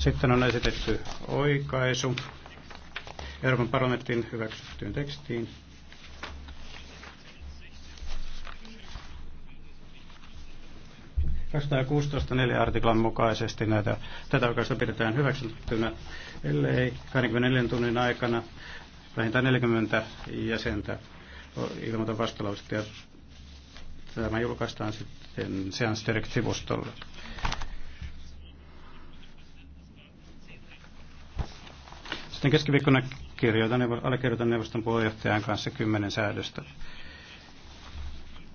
Sitten on esitetty oikaisu Euroopan parlamentin hyväksyttyyn tekstiin. neljä artiklan mukaisesti näitä, tätä oikeasta pidetään hyväksyttynä, ellei 24 tunnin aikana vähintään 40 jäsentä ilmoita vastalausetta ja Tämä julkaistaan sitten Seance Direct-sivustolla. Sitten keskiviikkona kirjoitan, allekirjoitan neuvoston puheenjohtajan kanssa kymmenen säädöstä.